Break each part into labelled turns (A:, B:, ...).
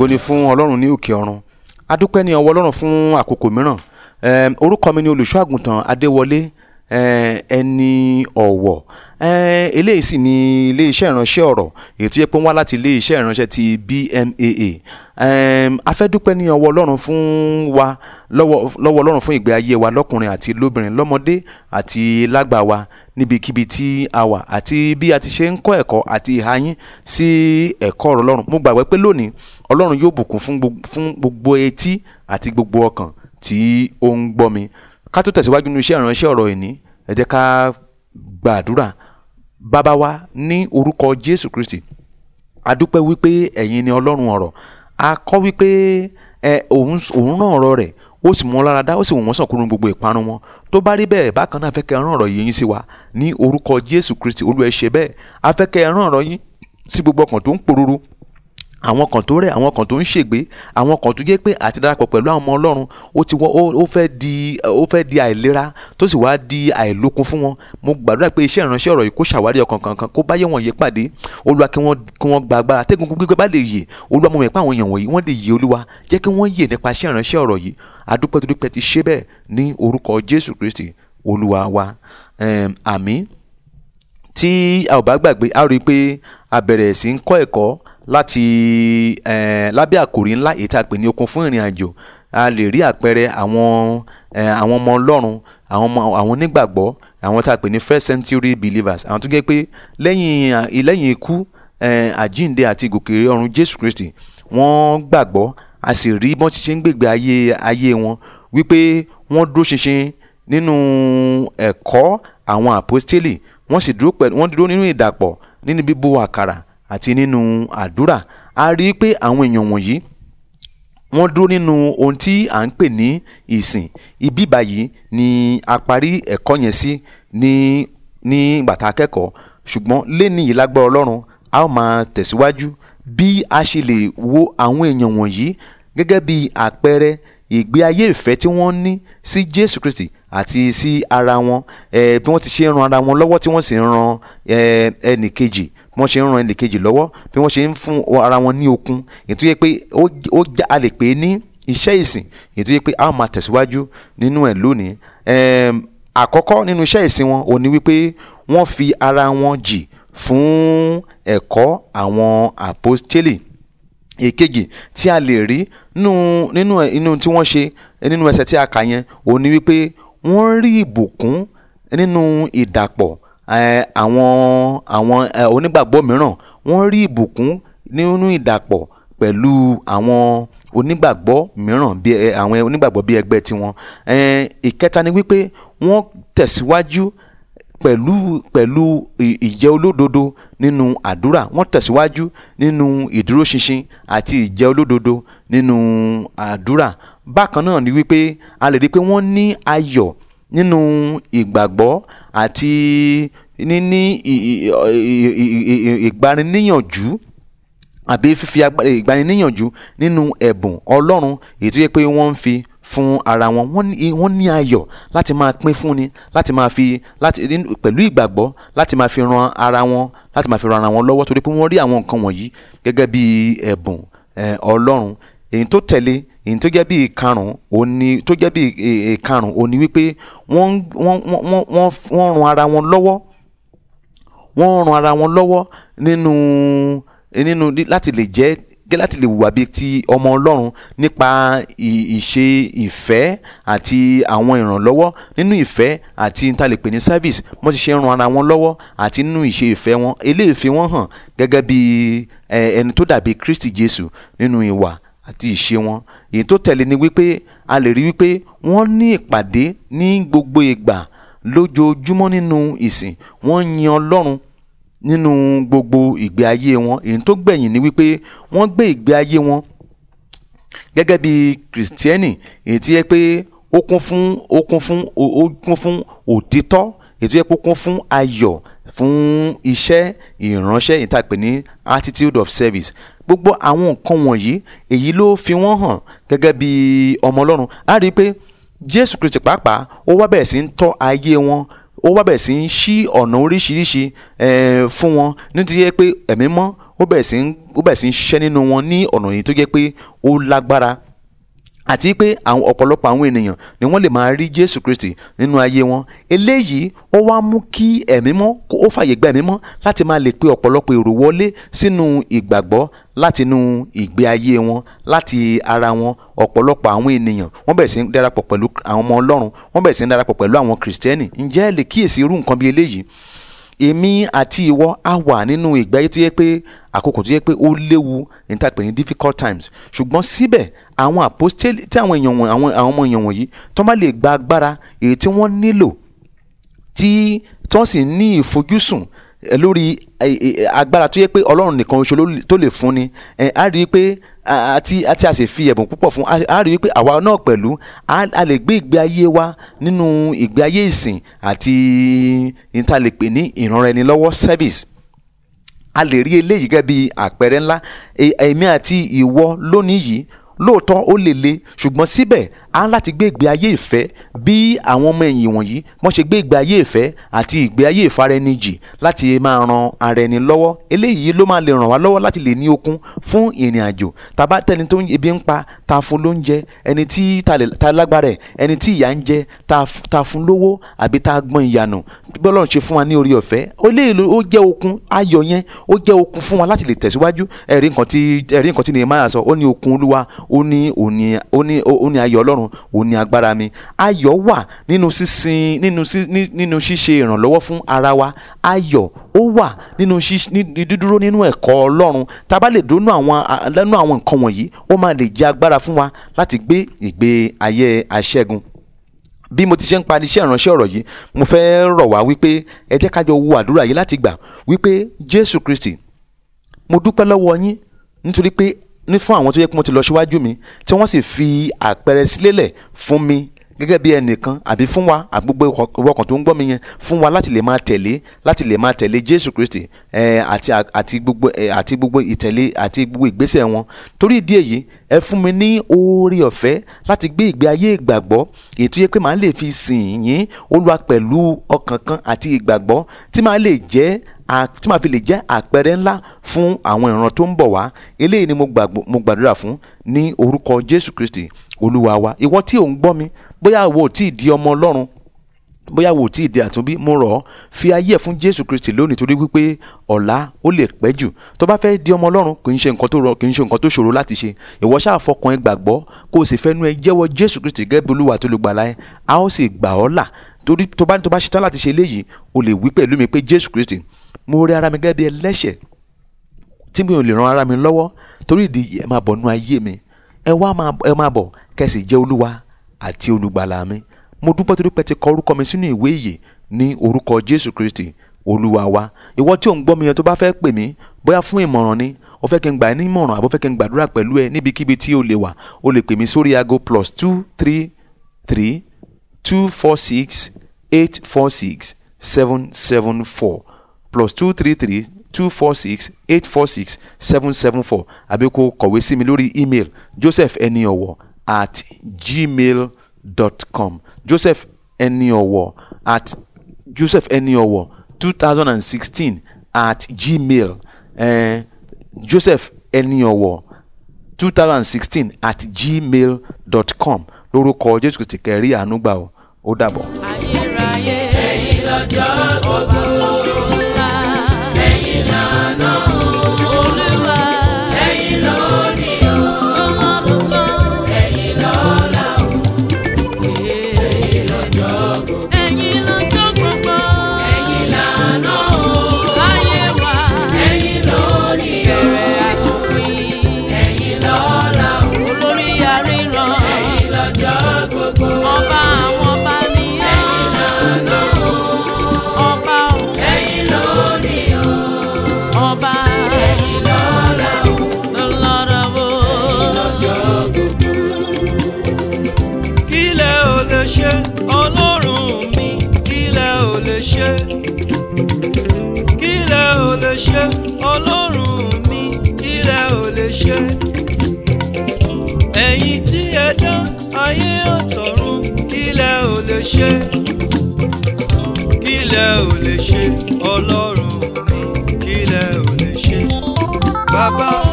A: ògo ni fún ọlọ́run ní òkè ọ̀run adúpẹ́ ní ọwọ́ ọlọ́run fún àkókò mìíràn orúkọ mi ni olùṣọ́ àgùntàn adéwọlé ẹni ọ̀wọ̀ eléyìí sì ni iléeṣẹ́ ìránṣẹ́ ọ̀rọ̀ èyí tó yẹ pé ń wá láti iléeṣẹ́ ìránṣẹ́ ti BMAA a fẹ́ ọwọ́ ọlọ́run fún wa lọ́wọ́ ọlọ́run fún ìgbé ayé wa lọ́kùnrin àti lóbìnrin lọ́mọdé àti lágbà wa níbikíbi tí a wà àti bí a ti ṣe ń kọ́ ẹ̀kọ́ àti ìhayín sí ẹ̀kọ́ ọ̀rọ̀ ọlọ́run mo gbàgbé pé lónìí ọlọ́run yóò bùkún fún gbogbo etí àti gbogbo ọkàn tí ó ń gbọ́ mi ká tó tẹ̀síwájú nínú iṣẹ́ ìránṣẹ́ ọ̀rọ̀ ìní ẹ jẹ́ ká gbàdúrà bàbá wa ní orúkọ jésù kristi a dúpẹ́ wípé ẹ̀yin ni ọlọ́run ọ̀rọ̀ a kọ́ wípé ẹ òun rán ọ̀rọ̀ rẹ̀ ó sì mú wọn lára dá ó sì wò wọ́n sàn kúrò gbogbo ìparun wọn tó bá rí bẹ́ẹ̀ bákan náà a fẹ́ ọ̀rọ̀ yìí sí wa ní orúkọ jésù kristi olú ẹ ṣe bẹ́ẹ̀ a fẹ́ kẹ́ rán ọ̀rọ̀ yín sí gbogbo ọkàn tó ń pòrúurú àwọn kan tó rẹ̀ àwọn kan tó ń ṣègbé àwọn kan tó jẹ́ pé àti darapọ̀ pẹ̀lú àwọn ọmọ Ọlọ́run ó ti wọ́ ó fẹ́ di ó fẹ́ di àìlera tó sì wá di àìlókun fún wọn mo gbàdúrà pé iṣẹ́ ìránṣẹ́ ọ̀rọ̀ yìí kó ṣàwárí ọkàn kankan kó báyé wọn yé pàdé Olúwa kí wọ́n gba agbára tẹ́gun gbígbé bá lè yè Olúwa mo mọ̀ pé àwọn èèyàn wọ̀nyí wọ́n lè yé Olúwa jẹ́ kí wọ́n yè nípa iṣẹ́ ìránṣẹ́ ọ̀rọ̀ yìí adúpẹ́ torípẹ́ ti ṣe bẹ́ẹ̀ ní Kristi Olúwa wa àmín tí a ò bá gbàgbé a rí i láti lábẹ́ àkòrí ńlá èyí tá a pè ní okun fún ìrìn àjò a lè rí àpẹẹrẹ àwọn àwọn ọmọ ọlọ́run àwọn ọmọ àwọn onígbàgbọ́ àwọn tá a pè ní first century believers àwọn tó jẹ́ pé lẹ́yìn lẹ́yìn ikú àjíǹde àti gòkè ọ̀run Jésù Kristi wọ́n gbàgbọ́ a sì rí bọ́n ṣe ń gbègbè ayé ayé wọn wípé wọ́n dúró ṣinṣin nínú ẹ̀kọ́ àwọn àpọ́stélì wọ́n sì dúró nínú ìdàpọ̀ nínú bíbú àkàrà àti nínú àdúrà a rí i pé àwọn èèyàn wọ̀nyí wọ́n dúró nínú ohun tí à ń pè ní ìsìn ibi báyìí ni a parí ẹ̀kọ́ yẹn sí ní ní ìgbà tá a kẹ́kọ̀ọ́ ṣùgbọ́n lẹ́ni yìí lágbára Ọlọ́run a ó máa tẹ̀síwájú bí a ṣe lè wo àwọn èèyàn wọ̀nyí gẹ́gẹ́ bí àpẹẹrẹ ìgbé ayé ìfẹ́ tí wọ́n ní sí Jésù Kristi àti sí ara wọn bí wọ́n ti ṣe ń ran ara wọn lọ́wọ́ tí wọ́n sì ń ran ẹnìkejì eh, wọ́n ṣe ń ran ẹnìkejì lọ́wọ́ bí wọ́n ṣe ń fún ara wọn ní okun ètò yẹ pé ó já a lè pè é ní iṣẹ́ ìsìn ètò yẹ pé a máa tẹ̀síwájú nínú ẹ̀ lónìí àkọ́kọ́ nínú iṣẹ́ ìsìn wọn ò ní wípé wọ́n fi ara wọn jì fún ẹ̀kọ́ àwọn àpọ́stélì èkejì tí a lè rí nínú tí wọ́n ṣe nínú ẹsẹ̀ tí a kà yẹn ò ní wípé wọ́n rí ìbùkún nínú ìdàpọ̀ àwọn àwọn onígbàgbọ́ mìíràn wọ́n rí ìbùkún nínú ìdàpọ̀ pẹ̀lú àwọn onígbàgbọ́ mìíràn bí àwọn onígbàgbọ́ bí ẹgbẹ́ tiwọn ìkẹta ni wípé wọ́n tẹ̀síwájú pẹ̀lú pẹ̀lú ìjẹ́ olódodo nínú àdúrà wọ́n tẹ̀síwájú nínú ìdúróṣinṣin àti ìjẹ́ olódodo nínú àdúrà bákan náà ni wípé a lè rí i pé wọ́n ní ayọ̀ nínú ìgbàgbọ́ àti níní ìgbaniníyànjú àbí fífi ìgbaniníyànjú nínú ẹ̀bùn Ọlọ́run èyí tó yẹ pé wọ́n ń fi fún ara wọn wọ́n ní ayọ̀ láti máa pín fún ni láti máa fi láti pẹ̀lú ìgbàgbọ́ láti máa fi ran ara wọn láti máa fi ran ara wọn lọ́wọ́ torí pé wọ́n rí àwọn nǹkan wọ̀nyí gẹ́gẹ́ bí ẹ̀bùn Ọlọ́run èyí tó tẹ̀lé ìyìn tó jẹ́ bíi karùn-ún òní tó jẹ́ bíi e, e, karùn-ún òní wípé wọ́n wọ́n wọ́n wọ́n ran ara wọn lọ́wọ́ wọ́n ran ara wọn lọ́wọ́ nínú e, nínú láti lè jẹ́ láti lè wùwà bíi ti ọmọ ọlọ́run nípa ìṣe ìfẹ́ àti àwọn ìrànlọ́wọ́ nínú ìfẹ́ àti ìtàlẹ́pẹ̀ ní service wọ́n ti ṣe ran ara wọn lọ́wọ́ àti nínú ìṣe ìfẹ́ wọn eléyìí fi wọ́n hàn gẹ́gẹ́ bíi ẹni tó dàbí Kristi Jésù nínú ìwà àti ìṣe wọn èyí tó tẹ̀lé ni wípé a lè rí wípé wọ́n ní ìpàdé ní gbogbo ìgbà lójoojúmọ́ nínú ìsìn wọ́n yin ọlọ́run nínú gbogbo ìgbé ayé wọn èyí tó gbẹ̀yìn ni wípé wọ́n gbé ìgbé ayé wọn gẹ́gẹ́ bí kìrìsìtẹ́nì èyí tí yẹ pé ó kún fún ó kún fún ó kún fún òtítọ́ èyí tó yẹ pé kún fún ayọ̀ fún iṣẹ́ ìránṣẹ́ ìtàpè ní attitude of service gbogbo àwọn nǹkan wọ̀nyí èyí ló fi wọ́n hàn gẹ́gẹ́ bí ọmọ ọlọ́run a rí i pé jésù kristi pàápàá ó wá bẹ̀rẹ̀ sí ń tọ́ ayé wọn ó wá bẹ̀rẹ̀ sí ń ṣí ọ̀nà oríṣiríṣi fún wọn nítorí pé ẹ̀mí mọ́ ó bẹ̀rẹ̀ sí ń ṣiṣẹ́ nínú wọn ní ọ̀nà yìí tó jẹ́ pé ó lágbára àti pé àwọn ọ̀pọ̀lọpọ̀ àwọn ènìyàn ni wọ́n lè máa rí Jésù Kristi nínú ayé wọn eléyìí ó wá mú kí ẹ̀mí mọ́ kó ó fàyè gba ẹ̀mí mọ́ láti máa lè pe ọ̀pọ̀lọpọ̀ èrò wọlé sínú ìgbàgbọ́ láti inú ìgbé ayé wọn láti ara wọn ọ̀pọ̀lọpọ̀ àwọn ènìyàn wọ́n bẹ̀rẹ̀ sí ń darapọ̀ pẹ̀lú àwọn ọmọ Ọlọ́run wọ́n bẹ̀rẹ̀ sí ń darapọ̀ pẹ̀lú àwọn Kristẹni ǹjẹ́ lè kíyèsí irú nǹkan bí eléyìí èmi àti ìwọ á wà nínú ìgbà yìí tó yẹ pé àkókò tó yẹ pé ó léwu ìtàpè ní difficult times ṣùgbọ́n síbẹ̀ àwọn àpòstélì tí àwọn èèyàn àwọn ọmọ èèyàn wọ̀nyí tó má lè gba agbára èyí tí wọ́n nílò tí tó sì ní ìfojúsùn lórí eh, eh, agbára tó yẹ pé ọlọ́run nìkan oṣù tó lè fún ni eh, a rí i pé àti àti a sì fi ẹ̀bùn púpọ̀ fún a rí i pé àwa náà pẹ̀lú a lè gbé ìgbé ayé wa nínú ìgbé ayé ìsìn àti níta ní ìrànlọ́wọ́ service a lè rí eléyìí gẹ́gẹ́ bí àpẹẹrẹ ńlá èmi àti ìwọ lónìí yìí lóòótọ́ ó lè le ṣùgbọ́n síbẹ̀ á láti gbé ìgbé ayé ìfẹ́ bí àwọn ọmọ ẹ̀yìn wọ̀nyí wọ́n ṣe gbé ìgbé ayé ìfẹ́ àti ìgbé ayé ìfaraẹnijì láti máa ran ara ẹni lọ́wọ́ eléyìí ló máa lè ràn wá lọ́wọ́ láti lè ní okun fún ìrìn àjò tàbá tẹni tó ebi ń pa ta fún lóúnjẹ ẹni tí ta lágbára ẹ̀ ẹni tí ìyà ń jẹ ta fún lówó àbí ta gbọ́n ìyànà bọ́lọ̀ ṣe fún wa ní orí ọ̀fẹ́ ó lè ó jẹ́ okun ayọ̀ yẹn ó jẹ́ okun fún wa láti lè tẹ̀síwájú ẹ̀rí nǹkan tí ẹ̀rí nǹkan tí nìyẹn máa sọ ó ní okun olúwa ó ní òní ó ní ó ní ayọ̀ ọlọ́run ó agbára mi ayọ̀ wà nínú sísin nínú sí nínú ṣíṣe ìrànlọ́wọ́ fún ara wa ayọ̀ ó wà nínú dídúró nínú ẹ̀kọ́ ọlọ́run tá a bá lè dónú àwọn lẹ́nu àwọn nǹkan wọ̀nyí ó máa lè jẹ́ agbára fún wa láti gbé ìgbé ayé aṣẹ́gun bí mo ti ṣe ń parí iṣẹ́ ìránṣẹ́ ọ̀rọ̀ yìí mo fẹ́ rọ̀ wá wípé ẹ jẹ́ ká jọ wo àdúrà yìí láti gbà wípé Jésù Kristi mo dúpẹ́ lọ́wọ́ yín nítorí pé ní fún àwọn tó yẹ kí wọ́n ti lọ síwájú mi tí wọ́n sì fi àpẹẹrẹ sílélẹ̀ fún mi gẹ́gẹ́ bí ẹnìkan àbí fún wa àbí gbogbo ìwọkàn tó ń gbọ́ mi yẹn fún wa láti lè máa tẹ̀lé láti lè máa tẹ̀lé Jésù Kristi àti àti gbogbo àti gbogbo ìtẹ̀lé àti gbogbo ìgbésẹ̀ wọn torí ìdí èyí ẹ fún mi ní oore ọ̀fẹ́ láti gbé ìgbé ayé ìgbàgbọ́ èyí yẹ pé màá lè fi sìn yín Olúwa pẹ̀lú ọkàn kan àti ìgbàgbọ́ tí màá lè jẹ́ tí màá fi lè jẹ́ àpẹẹrẹ ńlá fún àwọn ìran tó ń bọ̀ wá eléyìí ni mo gbàdúrà fún ní orúkọ Jésù Kristi olúwa wa ìwọ tí ò ń gbọ́ mi bóyá ìwọ ò tí ì di ọmọ Ọlọ́run bóyá wò tí ìdí àtúnbí mo rọ̀ ọ́ fi ayé ẹ̀ fún jésù kristi lónìí torí wípé ọ̀la ó lè pẹ́ jù tó bá fẹ́ di ọmọ ọlọ́run kì í ṣe nǹkan tó rọ kì í ṣe nǹkan tó ṣòro láti ṣe ìwọ ṣáà fọkàn ẹ gbàgbọ́ kó o sì fẹ́nu ẹ jẹ́wọ́ jésù kristi gẹ́gẹ́ olúwa tó lè gbàlà ẹ a ó sì gbà ọ́ là torí tó bá ní tó bá ṣetán láti ṣe eléyìí o lè wí pẹ̀lú mi pé jésù kristi mo rí ara mi gẹ́gẹ́ bí ẹlẹ́ṣẹ̀ tí mi ò lè ran ara mi lọ́wọ́ torí ìdí ẹ máa bọ̀ nú ayé mi ẹ wá ẹ máa bọ̀ kẹsì jẹ́ olúwa àti olùgbàlà mi mo dúpẹ́ torí pé ti kọ orúkọ mi sínú ìwé ìyè ní orúkọ Jésù Kristi olúwa wa ìwọ tí ò ń gbọ́ mi yẹn tó bá fẹ́ pè mí bóyá fún ìmọ̀ràn ni o fẹ́ kí n gbà ẹ́ ní ìmọ̀ràn àbó fẹ́ kí n gbàdúrà pẹ̀lú ẹ níbikíbi tí o lè wà o lè pè mí sórí aago plus two three three two four six eight four six seven seven four plus two three three two four six eight four six seven seven four àbí kó kọ̀wé sí mi lórí email joseph eniowo at gmail dot com joseph eniowo at joseph eniowo two thousand and sixteen at gmail eh, joseph eniowo two thousand and sixteen at gmail dot com lórúkọ jésù kìí kẹrí àánú gbà ó dàbọ̀. ayérayé
B: ẹ̀yin lọ́jọ́ gbogbo.
C: ṣe kí lẹ ò lè ṣe ọlọ́run mi kí lẹ ò lè ṣe ẹ̀yin tí ẹ dá ayé ọ̀tọ̀run kí ò lè ṣe kí ò lè ṣe ọlọ́run mi kí ò lè ṣe bàbá.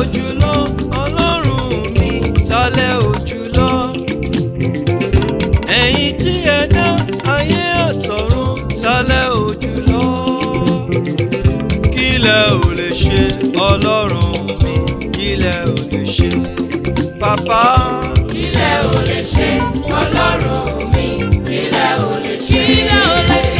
C: òjùlọ ọlọ́run mi sálẹ̀ òjùlọ. ẹ̀yin tí ẹ dá ayé àtọ̀run sálẹ̀ òjùlọ. kílẹ̀ ò lè ṣe ọlọ́run mi kílẹ̀ ò lè ṣe bàbá. kílẹ̀ ò lè ṣe ọlọ́run mi kílẹ̀ ò lè ṣe. kílẹ̀ ò lè ṣe.